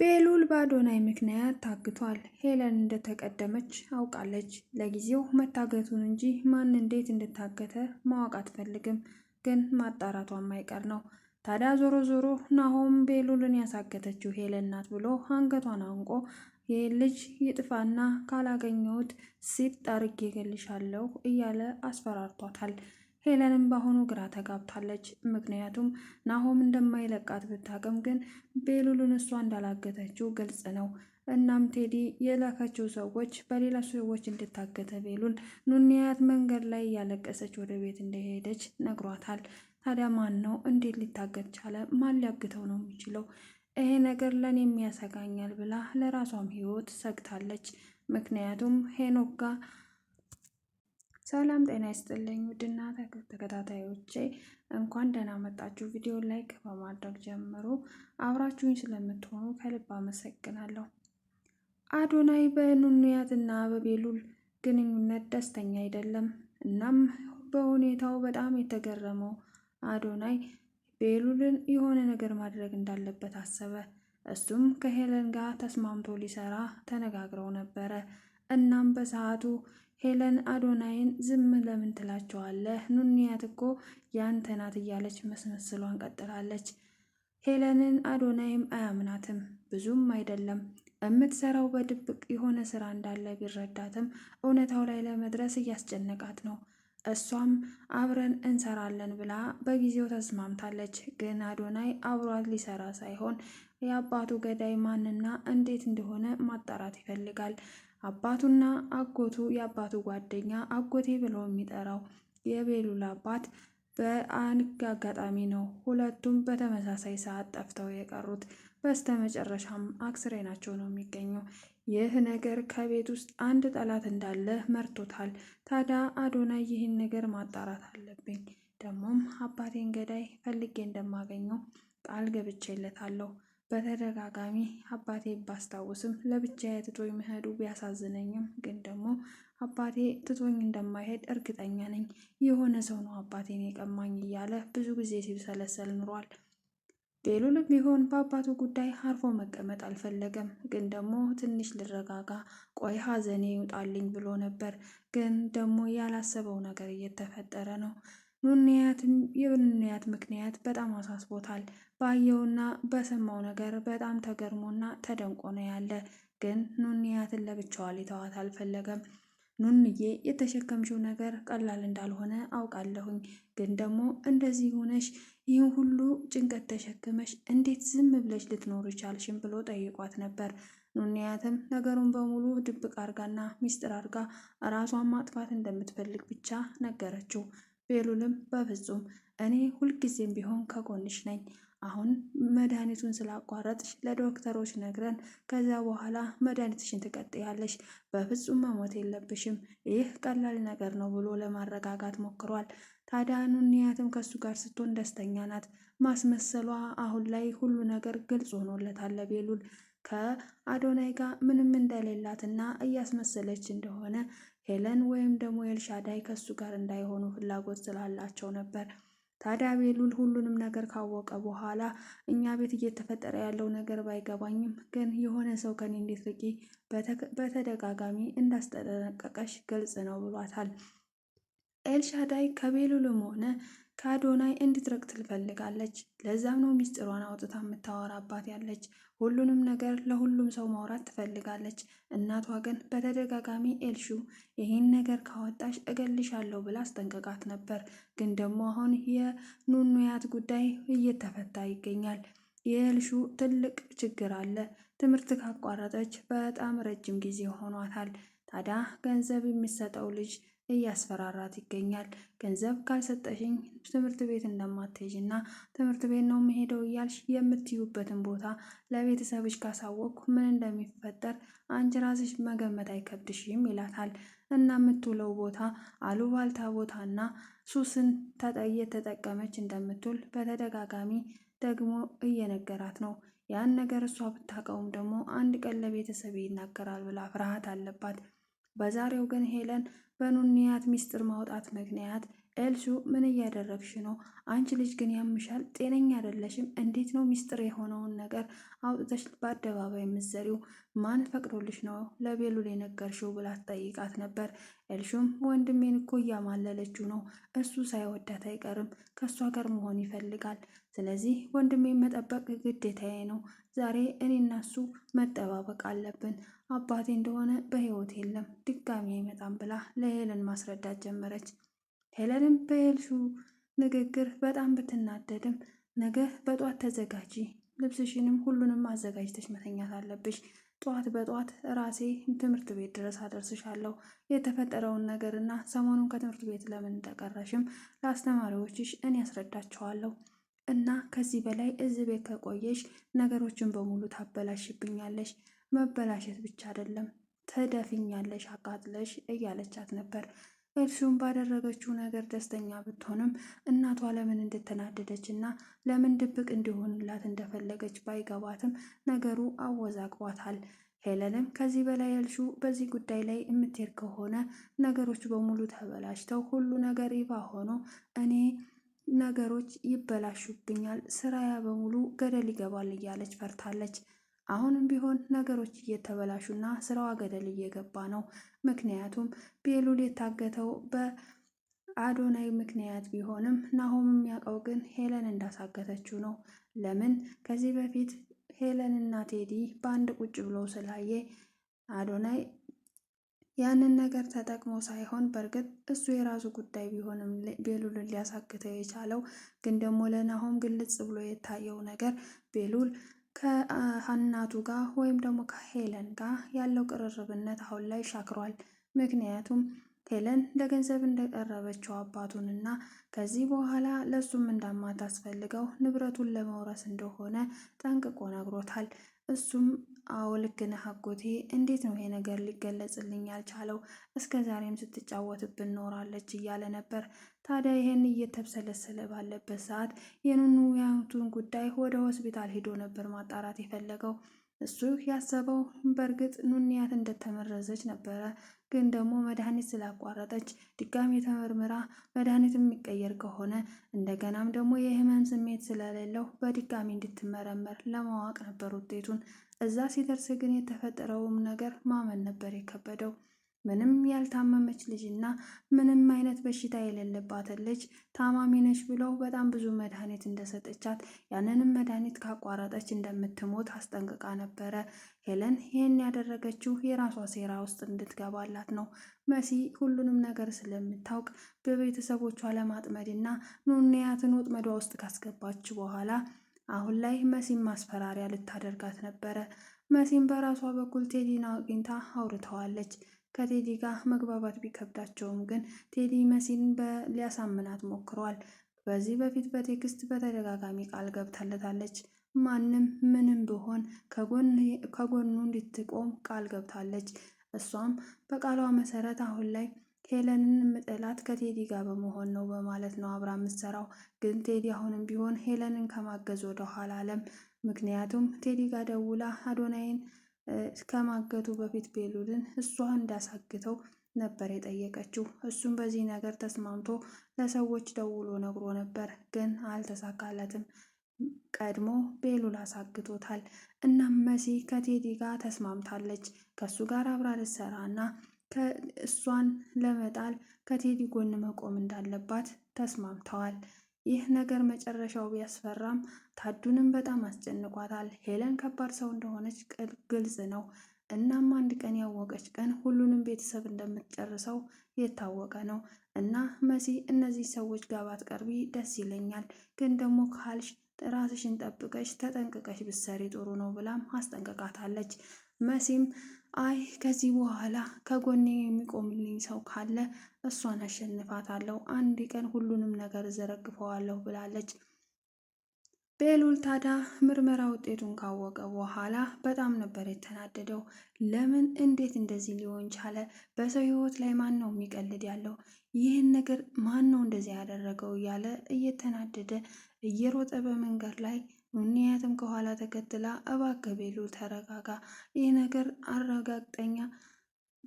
ቤሉል በአዶናይ ምክንያት ታግቷል። ሄለን እንደተቀደመች አውቃለች። ለጊዜው መታገቱን እንጂ ማን እንዴት እንደታገተ ማወቅ አትፈልግም፣ ግን ማጣራቷ የማይቀር ነው። ታዲያ ዞሮ ዞሮ ናሆም ቤሉልን ያሳገተችው ሄለን ናት ብሎ አንገቷን አንቆ ይህ ልጅ ይጥፋና ካላገኘሁት ሲጥ አርጌ እገልሻለሁ እያለ አስፈራርቷታል። ሄለንም በአሁኑ ግራ ተጋብታለች። ምክንያቱም ናሆም እንደማይለቃት ብታቅም ግን ቤሉልን እሷ እንዳላገተችው ግልጽ ነው። እናም ቴዲ የላከችው ሰዎች በሌላ ሰዎች እንድታገተ ቤሉል ኑንያት መንገድ ላይ እያለቀሰች ወደ ቤት እንደሄደች ነግሯታል። ታዲያ ማን ነው እንዴት ሊታገት ቻለ? ማን ሊያግተው ነው የሚችለው? ይሄ ነገር ለእኔ የሚያሰጋኛል ብላ ለራሷም ህይወት ሰግታለች። ምክንያቱም ሄኖክ ጋር ሰላም ጤና ይስጥልኝ ውድና ተከታታዮቼ እንኳን ደህና መጣችሁ። ቪዲዮ ላይክ በማድረግ ጀምሮ አብራችሁኝ ስለምትሆኑ ከልብ አመሰግናለሁ። አዶናይ በኑንያትና በቤሉል ግንኙነት ደስተኛ አይደለም። እናም በሁኔታው በጣም የተገረመው አዶናይ ቤሉልን የሆነ ነገር ማድረግ እንዳለበት አሰበ። እሱም ከሄለን ጋር ተስማምቶ ሊሰራ ተነጋግረው ነበረ። እናም በሰዓቱ ሄለን አዶናይን ዝም ለምን ትላቸዋለህ? ኑንያት እኮ ያንተ ናት እያለች መስመስሏን ቀጥላለች። ሄለንን አዶናይም አያምናትም። ብዙም አይደለም የምትሰራው በድብቅ የሆነ ስራ እንዳለ ቢረዳትም እውነታው ላይ ለመድረስ እያስጨነቃት ነው። እሷም አብረን እንሰራለን ብላ በጊዜው ተስማምታለች። ግን አዶናይ አብሯት ሊሰራ ሳይሆን የአባቱ ገዳይ ማንና እንዴት እንደሆነ ማጣራት ይፈልጋል። አባቱና አጎቱ የአባቱ ጓደኛ አጎቴ ብሎ የሚጠራው የቤሉል አባት በአንድ አጋጣሚ ነው ሁለቱም በተመሳሳይ ሰዓት ጠፍተው የቀሩት። በስተ መጨረሻም አክስሬ ናቸው ነው የሚገኘው። ይህ ነገር ከቤት ውስጥ አንድ ጠላት እንዳለ መርቶታል። ታዲያ አዶናይ ይህን ነገር ማጣራት አለብኝ፣ ደግሞም አባቴን ገዳይ ፈልጌ እንደማገኘው ቃል ገብቼለታለሁ። በተደጋጋሚ አባቴ ባስታውስም ለብቻዬ ትቶኝ መሄዱ ቢያሳዝነኝም ግን ደግሞ አባቴ ትቶኝ እንደማይሄድ እርግጠኛ ነኝ። የሆነ ሰው ነው አባቴን የቀማኝ እያለ ብዙ ጊዜ ሲብሰለሰል ኑሯል። ቤሉልም ቢሆን በአባቱ ጉዳይ አርፎ መቀመጥ አልፈለገም። ግን ደግሞ ትንሽ ልረጋጋ፣ ቆይ ሀዘኔ ይውጣልኝ ብሎ ነበር። ግን ደግሞ ያላሰበው ነገር እየተፈጠረ ነው። የኑንያት ምክንያት በጣም አሳስቦታል። ባየውና በሰማው ነገር በጣም ተገርሞና ተደንቆ ነው ያለ። ግን ኑንያትን ለብቻዋ ሊተዋት አልፈለገም። ኑንዬ የተሸከምሽው ነገር ቀላል እንዳልሆነ አውቃለሁኝ፣ ግን ደግሞ እንደዚህ ሆነሽ ይህን ሁሉ ጭንቀት ተሸክመሽ እንዴት ዝም ብለሽ ልትኖር ይቻልሽም ብሎ ጠይቋት ነበር። ኑንያትም ነገሩን በሙሉ ድብቅ አርጋና ሚስጥር አርጋ ራሷን ማጥፋት እንደምትፈልግ ብቻ ነገረችው። ቤሉልም በፍጹም እኔ ሁልጊዜም ቢሆን ከጎንሽ ነኝ። አሁን መድኃኒቱን ስላቋረጥሽ ለዶክተሮች ነግረን ከዚያ በኋላ መድኃኒትሽን ትቀጥያለሽ። በፍጹም መሞት የለብሽም። ይህ ቀላል ነገር ነው ብሎ ለማረጋጋት ሞክሯል። ታዲያ ኑንያትም ከእሱ ጋር ስትሆን ደስተኛ ናት። ማስመሰሏ አሁን ላይ ሁሉ ነገር ግልጽ ሆኖለታል ለቤሉል ከአዶናይ ጋር ምንም እንደሌላትና እያስመሰለች እንደሆነ ሄለን ወይም ደግሞ ኤልሻዳይ ከእሱ ጋር እንዳይሆኑ ፍላጎት ስላላቸው ነበር። ታዲያ ቤሉል ሁሉንም ነገር ካወቀ በኋላ እኛ ቤት እየተፈጠረ ያለው ነገር ባይገባኝም ግን የሆነ ሰው ከኔ እንድትርቂ በተደጋጋሚ እንዳስጠነቀቀሽ ግልጽ ነው ብሏታል። ኤልሻዳይ ከቤሉልም ሆነ ከአዶናይ እንድትርቅ ትፈልጋለች። ለዛም ነው ሚስጥሯን አውጥታ የምታወራባት ያለች። ሁሉንም ነገር ለሁሉም ሰው ማውራት ትፈልጋለች። እናቷ ግን በተደጋጋሚ ኤልሹ ይህን ነገር ካወጣሽ እገልሻለሁ ብላ አስጠንቀቃት ነበር። ግን ደግሞ አሁን የኑኑያት ጉዳይ እየተፈታ ይገኛል። የኤልሹ ትልቅ ችግር አለ። ትምህርት ካቋረጠች በጣም ረጅም ጊዜ ሆኗታል። ታዲያ ገንዘብ የሚሰጠው ልጅ እያስፈራራት ይገኛል። ገንዘብ ካልሰጠሽኝ ትምህርት ቤት እንደማትሄጂ እና ትምህርት ቤት ነው መሄደው እያልሽ የምትዩበትን ቦታ ለቤተሰብሽ ካሳወቅኩ ምን እንደሚፈጠር አንቺ ራስሽ መገመት አይከብድሽም ይላታል። እና የምትውለው ቦታ አሉባልታ ቦታና ሱስን ተጠቀመች እንደምትውል በተደጋጋሚ ደግሞ እየነገራት ነው። ያን ነገር እሷ ብታውቀውም ደግሞ አንድ ቀን ለቤተሰብ ይናገራል ብላ ፍርሃት አለባት። በዛሬው ግን ሄለን በኑንያት ሚስጥር ማውጣት ምክንያት ኤልሹ ምን እያደረግሽ ነው? አንቺ ልጅ ግን ያምሻል፣ ጤነኛ አይደለሽም። እንዴት ነው ሚስጥር የሆነውን ነገር አውጥተሽ በአደባባይ የምትዘሪው? ማን ፈቅዶልሽ ነው ለቤሉል የነገርሽው? ብላ ትጠይቃት ነበር። ኤልሹም ወንድሜን እኮ እያማለለችው ነው፣ እሱ ሳይወዳት አይቀርም፣ ከእሷ ጋር መሆን ይፈልጋል። ስለዚህ ወንድሜ መጠበቅ ግዴታዬ ነው። ዛሬ እኔ እና እሱ መጠባበቅ አለብን። አባቴ እንደሆነ በህይወት የለም ድጋሚ አይመጣም ብላ ለሄለን ማስረዳት ጀመረች። ሄለንም በኤልሹ ንግግር በጣም ብትናደድም ነገ በጠዋት ተዘጋጂ ልብስሽንም ሁሉንም አዘጋጅተሽ መተኛት አለብሽ። ጠዋት በጠዋት ራሴ ትምህርት ቤት ድረስ አደርስሻለሁ። የተፈጠረውን ነገርና ሰሞኑን ከትምህርት ቤት ለምን ተቀረሽም ለአስተማሪዎችሽ እኔ ያስረዳቸዋለሁ። እና ከዚህ በላይ እዚህ ቤት ከቆየሽ ነገሮችን በሙሉ ታበላሽብኛለሽ፣ መበላሸት ብቻ አይደለም ትደፊኛለሽ፣ አቃጥለሽ እያለቻት ነበር። እርሱም ባደረገችው ነገር ደስተኛ ብትሆንም እናቷ ለምን እንደተናደደች እና ለምን ድብቅ እንዲሆንላት እንደፈለገች ባይገባትም ነገሩ አወዛግቧታል። ሄለንም ከዚህ በላይ እልሹ በዚህ ጉዳይ ላይ የምትሄድ ከሆነ ነገሮች በሙሉ ተበላሽተው ሁሉ ነገር ይፋ ሆኖ እኔ ነገሮች ይበላሹብኛል፣ ስራያ በሙሉ ገደል ይገባል እያለች ፈርታለች። አሁንም ቢሆን ነገሮች እየተበላሹና ስራዋ ገደል እየገባ ነው። ምክንያቱም ቤሉል የታገተው በአዶናይ ምክንያት ቢሆንም ናሆም የሚያውቀው ግን ሄለን እንዳሳገተችው ነው። ለምን ከዚህ በፊት ሄለንና ቴዲ በአንድ ቁጭ ብሎ ስላየ አዶናይ ያንን ነገር ተጠቅሞ ሳይሆን በእርግጥ እሱ የራሱ ጉዳይ ቢሆንም ቤሉልን ሊያሳክተው የቻለው ግን ደግሞ ለናሆም ግልጽ ብሎ የታየው ነገር ቤሉል ከእናቱ ጋር ወይም ደግሞ ከሄለን ጋር ያለው ቅርርብነት አሁን ላይ ሻክሯል። ምክንያቱም ሄለን ለገንዘብ እንደቀረበችው አባቱንና ከዚህ በኋላ ለእሱም እንዳማታስፈልገው ንብረቱን ለመውረስ እንደሆነ ጠንቅቆ ነግሮታል። እሱም አዎ ልክ ነህ አጎቴ። እንዴት ነው ይሄ ነገር ሊገለጽልኝ ያልቻለው? እስከ ዛሬም ስትጫወትብን ኖራለች እያለ ነበር። ታዲያ ይሄን እየተብሰለሰለ ባለበት ሰዓት የኑኑ የአያቱን ጉዳይ ወደ ሆስፒታል ሄዶ ነበር ማጣራት የፈለገው። እሱ ያሰበው በእርግጥ ኑንያት እንደተመረዘች ነበረ። ግን ደግሞ መድኃኒት ስላቋረጠች ድጋሚ ተመርምራ መድኃኒት የሚቀየር ከሆነ እንደገናም ደግሞ የህመም ስሜት ስለሌለው በድጋሚ እንድትመረመር ለማወቅ ነበር ውጤቱን። እዛ ሲደርስ ግን የተፈጠረውም ነገር ማመን ነበር የከበደው። ምንም ያልታመመች ልጅ እና ምንም አይነት በሽታ የሌለባትን ልጅ ታማሚ ነች ብለው በጣም ብዙ መድኃኒት እንደሰጠቻት ያንንም መድኃኒት ካቋረጠች እንደምትሞት አስጠንቅቃ ነበረ። ሄለን ይህን ያደረገችው የራሷ ሴራ ውስጥ እንድትገባላት ነው። መሲ ሁሉንም ነገር ስለምታውቅ በቤተሰቦቿ ለማጥመድና ኑንያትን ወጥመዷ ውስጥ ካስገባች በኋላ አሁን ላይ መሲም ማስፈራሪያ ልታደርጋት ነበረ። መሲም በራሷ በኩል ቴዲና አግኝታ አውርተዋለች። ከቴዲ ጋር መግባባት ቢከብዳቸውም ግን ቴዲ መሲን ሊያሳምናት ሞክሯል። በዚህ በፊት በቴክስት በተደጋጋሚ ቃል ገብታለታለች። ማንም ምንም ቢሆን ከጎኑ እንድትቆም ቃል ገብታለች። እሷም በቃሏ መሰረት አሁን ላይ ሄለንን ምጥላት ከቴዲ ጋር በመሆን ነው በማለት ነው አብራ የምትሰራው። ግን ቴዲ አሁንም ቢሆን ሄለንን ከማገዝ ወደ ኋላ አለም። ምክንያቱም ቴዲ ጋር ደውላ አዶናይን ከማገቱ በፊት ቤሉልን እሷ እንዳሳግተው ነበር የጠየቀችው። እሱም በዚህ ነገር ተስማምቶ ለሰዎች ደውሎ ነግሮ ነበር፣ ግን አልተሳካለትም። ቀድሞ ቤሉል አሳግቶታል። እናም መሲ ከቴዲ ጋር ተስማምታለች። ከእሱ ጋር አብራ ልትሰራ እና እሷን ለመጣል ከቴዲ ጎን መቆም እንዳለባት ተስማምተዋል። ይህ ነገር መጨረሻው ቢያስፈራም ታዱንም በጣም አስጨንቋታል። ሄለን ከባድ ሰው እንደሆነች ግልጽ ነው። እናም አንድ ቀን ያወቀች ቀን ሁሉንም ቤተሰብ እንደምትጨርሰው የታወቀ ነው። እና መሲ እነዚህ ሰዎች ጋር ባትቀርቢ ደስ ይለኛል፣ ግን ደግሞ ካልሽ ራስሽን ጠብቀሽ ተጠንቅቀሽ ብትሰሪ ጥሩ ነው ብላም አስጠንቅቃታለች። መሲም አይ ከዚህ በኋላ ከጎኔ የሚቆምልኝ ሰው ካለ እሷን አሸንፋታለሁ፣ አንድ ቀን ሁሉንም ነገር ዘረግፈዋለሁ ብላለች። ቤሉል ታዲያ ምርመራ ውጤቱን ካወቀ በኋላ በጣም ነበር የተናደደው። ለምን እንዴት እንደዚህ ሊሆን ቻለ? በሰው ህይወት ላይ ማን ነው የሚቀልድ ያለው? ይህን ነገር ማን ነው እንደዚህ ያደረገው? እያለ እየተናደደ እየሮጠ በመንገድ ላይ ኑንያትም ከኋላ ተከትላ እባክህ ቤሉ ተረጋጋ፣ ይህ ነገር አረጋግጠኛ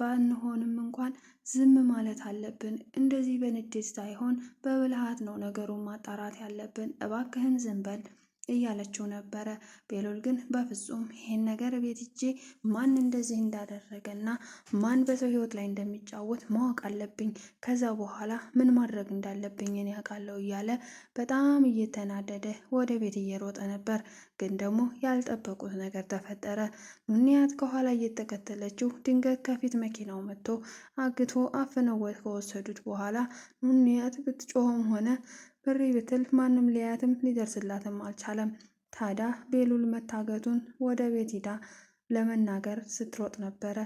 ባንሆንም እንኳን ዝም ማለት አለብን። እንደዚህ በንዴት ሳይሆን በብልሃት ነው ነገሩን ማጣራት ያለብን። እባክህን ዝም በል እያለችው ነበረ። ቤሎል ግን በፍጹም ይሄን ነገር ቤት እጄ ማን እንደዚህ እንዳደረገ ና ማን በሰው ህይወት ላይ እንደሚጫወት ማወቅ አለብኝ፣ ከዛ በኋላ ምን ማድረግ እንዳለብኝ እኔ ያውቃለሁ እያለ በጣም እየተናደደ ወደ ቤት እየሮጠ ነበር። ግን ደግሞ ያልጠበቁት ነገር ተፈጠረ። ምክንያት ከኋላ እየተከተለችው ድንገት ከፊት መኪናው መጥቶ አግቶ አፍነው ከወሰዱት በኋላ ምክንያት ብትጮኸም ሆነ ብሪ ብትል ማንም ሊያያትም ሊደርስላትም አልቻለም። ታዲያ ቤሉል መታገቱን ወደ ቤት ሂዳ ለመናገር ስትሮጥ ነበረ።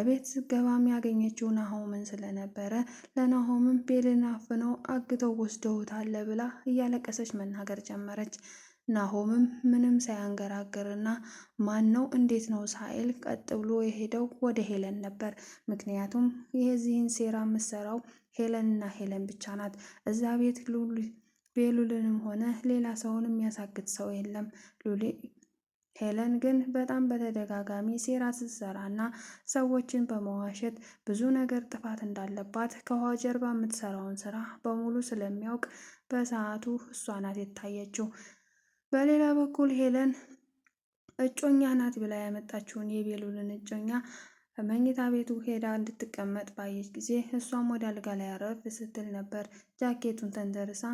እቤት ስገባም ያገኘችው ናሆምን ስለነበረ ለናሆምም ቤልን አፍነው አግተው ወስደውታል ብላ እያለቀሰች መናገር ጀመረች። ናሆምም ምንም ሳያንገራግርና ማን ነው እንዴት ነው ሳይል ቀጥ ብሎ የሄደው ወደ ሄለን ነበር። ምክንያቱም የዚህን ሴራ የምትሰራው ሄለንና ሄለን ብቻ ናት። እዛ ቤት ቤሉልንም ሆነ ሌላ ሰውን የሚያሳግት ሰው የለም። ሄለን ግን በጣም በተደጋጋሚ ሴራ ስትሰራ እና ሰዎችን በመዋሸት ብዙ ነገር ጥፋት እንዳለባት ከውሃ ጀርባ የምትሰራውን ስራ በሙሉ ስለሚያውቅ በሰዓቱ እሷ ናት የታየችው። በሌላ በኩል ሄለን እጮኛ ናት ብላ ያመጣችውን የቤሉልን እጮኛ መኝታ ቤቱ ሄዳ እንድትቀመጥ ባየች ጊዜ እሷም ወደ አልጋ ላይ አረፍ ስትል ነበር። ጃኬቱን ተንተርሳ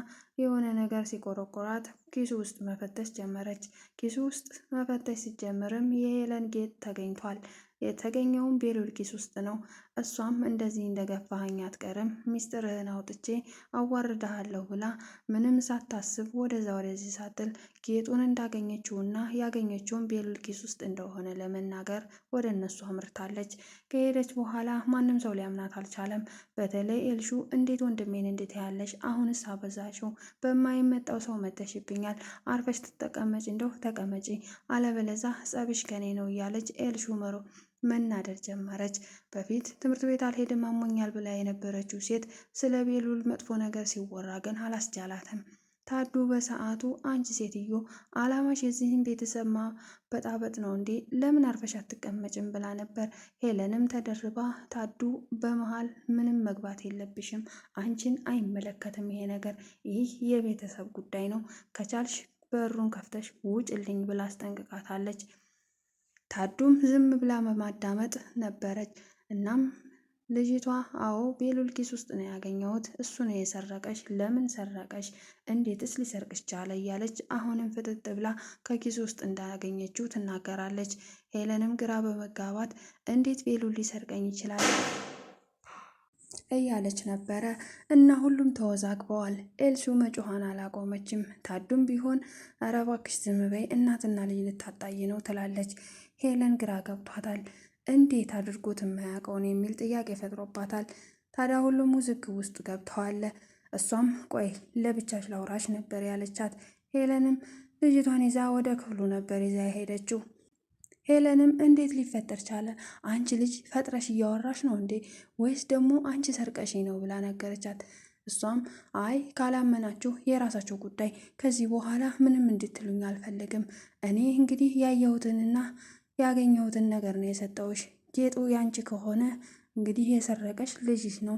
የሆነ ነገር ሲቆረቆራት ኪሱ ውስጥ መፈተሽ ጀመረች። ኪሱ ውስጥ መፈተሽ ሲጀምርም የሄለን ጌጥ ተገኝቷል። የተገኘውን ኪስ ውስጥ ነው። እሷም እንደዚህ እንደገፋኸኝ አትቀርም፣ ሚስጥርህን አውጥቼ አዋርድሃለሁ ብላ ምንም ሳታስብ ወደዛ ወደዚህ ሳትል ጌጡን እንዳገኘችውና ያገኘችውን ኪስ ውስጥ እንደሆነ ለመናገር ወደ እነሱ አምርታለች። ከሄደች በኋላ ማንም ሰው ሊያምናት አልቻለም። በተለይ ኤልሹ እንዴት ወንድሜን እንዴት ያለሽ አሁንስ አበዛሽው፣ በማይመጣው ሰው መተሽብኛል። አርፈሽ ትጠቀመጭ እንደው ተቀመጪ፣ አለበለዛ ጸብሽ ከኔ ነው እያለች ኤልሹ መሮ መናደድ ጀመረች። በፊት ትምህርት ቤት አልሄድም አሞኛል ብላ የነበረችው ሴት ስለ ቤሉል መጥፎ ነገር ሲወራ ግን አላስቻላትም። ታዱ በሰዓቱ አንቺ ሴትዮ አላማሽ የዚህን ቤተሰብ ማበጣበጥ ነው እንዴ? ለምን አርፈሽ አትቀመጭም? ብላ ነበር። ሄለንም ተደርባ ታዱ በመሃል ምንም መግባት የለብሽም፣ አንቺን አይመለከትም ይሄ ነገር፣ ይህ የቤተሰብ ጉዳይ ነው፣ ከቻልሽ በሩን ከፍተሽ ውጭልኝ ብላ አስጠንቅቃታለች። ታዱም ዝም ብላ በማዳመጥ ነበረች። እናም ልጅቷ አዎ ቤሉል ኪስ ውስጥ ነው ያገኘሁት፣ እሱ ነው የሰረቀሽ፣ ለምን ሰረቀሽ፣ እንዴትስ ሊሰርቅሽ ቻለ እያለች አሁንም ፍጥጥ ብላ ከኪስ ውስጥ እንዳገኘችው ትናገራለች። ሄለንም ግራ በመጋባት እንዴት ቤሉል ሊሰርቀኝ ይችላል እያለች ነበረ እና ሁሉም ተወዛግበዋል። ኤልሱ መጮኋን አላቆመችም። ታዱም ቢሆን ኧረ እባክሽ ዝም በይ እናትና ልጅ ልታጣይ ነው ትላለች። ሄለን ግራ ገብቷታል። እንዴት አድርጎት የማያውቀውን የሚል ጥያቄ ፈጥሮባታል። ታዲያ ሁሉም ውዝግብ ውስጥ ገብተዋል። እሷም ቆይ ለብቻሽ ላውራሽ ነበር ያለቻት። ሄለንም ልጅቷን ይዛ ወደ ክፍሉ ነበር ይዛ ሄደችው! ሄለንም እንዴት ሊፈጠር ቻለ? አንቺ ልጅ ፈጥረሽ እያወራሽ ነው እንዴ? ወይስ ደግሞ አንቺ ሰርቀሽ ነው ብላ ነገረቻት። እሷም አይ ካላመናችሁ የራሳችሁ ጉዳይ፣ ከዚህ በኋላ ምንም እንድትሉኝ አልፈለግም። እኔ እንግዲህ ያየሁትንና ያገኘሁትን ነገር ነው የሰጠውሽ። ጌጡ ያንቺ ከሆነ እንግዲህ የሰረቀሽ ልጅሽ ነው።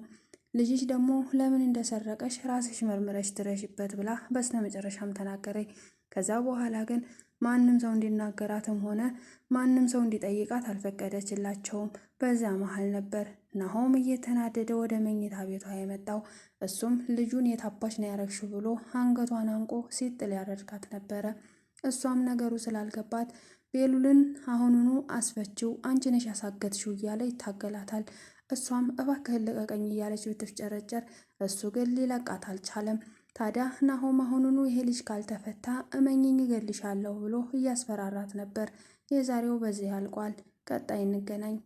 ልጅሽ ደግሞ ለምን እንደሰረቀሽ ራስሽ መርምረሽ ትረሽበት ብላ በስተ መጨረሻም ተናገረኝ። ከዛ በኋላ ግን ማንም ሰው እንዲናገራትም ሆነ ማንም ሰው እንዲጠይቃት አልፈቀደችላቸውም። በዛ መሀል ነበር ናሆም እየተናደደ ወደ መኝታ ቤቷ የመጣው። እሱም ልጁን የታባች ነው ያረግሽው ብሎ አንገቷን አንቆ ሲጥል ያደርጋት ነበረ። እሷም ነገሩ ስላልገባት ቤሉልን አሁኑኑ አስፈችው፣ አንቺ ነሽ ያሳገትሽው እያለ ይታገላታል። እሷም እባክህን ልቀቀኝ እያለች ብትፍጨረጨር እሱ ግን ሊለቃት አልቻለም። ታዲያ ናሆም አሁኑኑ ይሄ ልጅ ካልተፈታ እመኝኝ እገልሻለሁ ብሎ እያስፈራራት ነበር። የዛሬው በዚህ አልቋል። ቀጣይ እንገናኝ።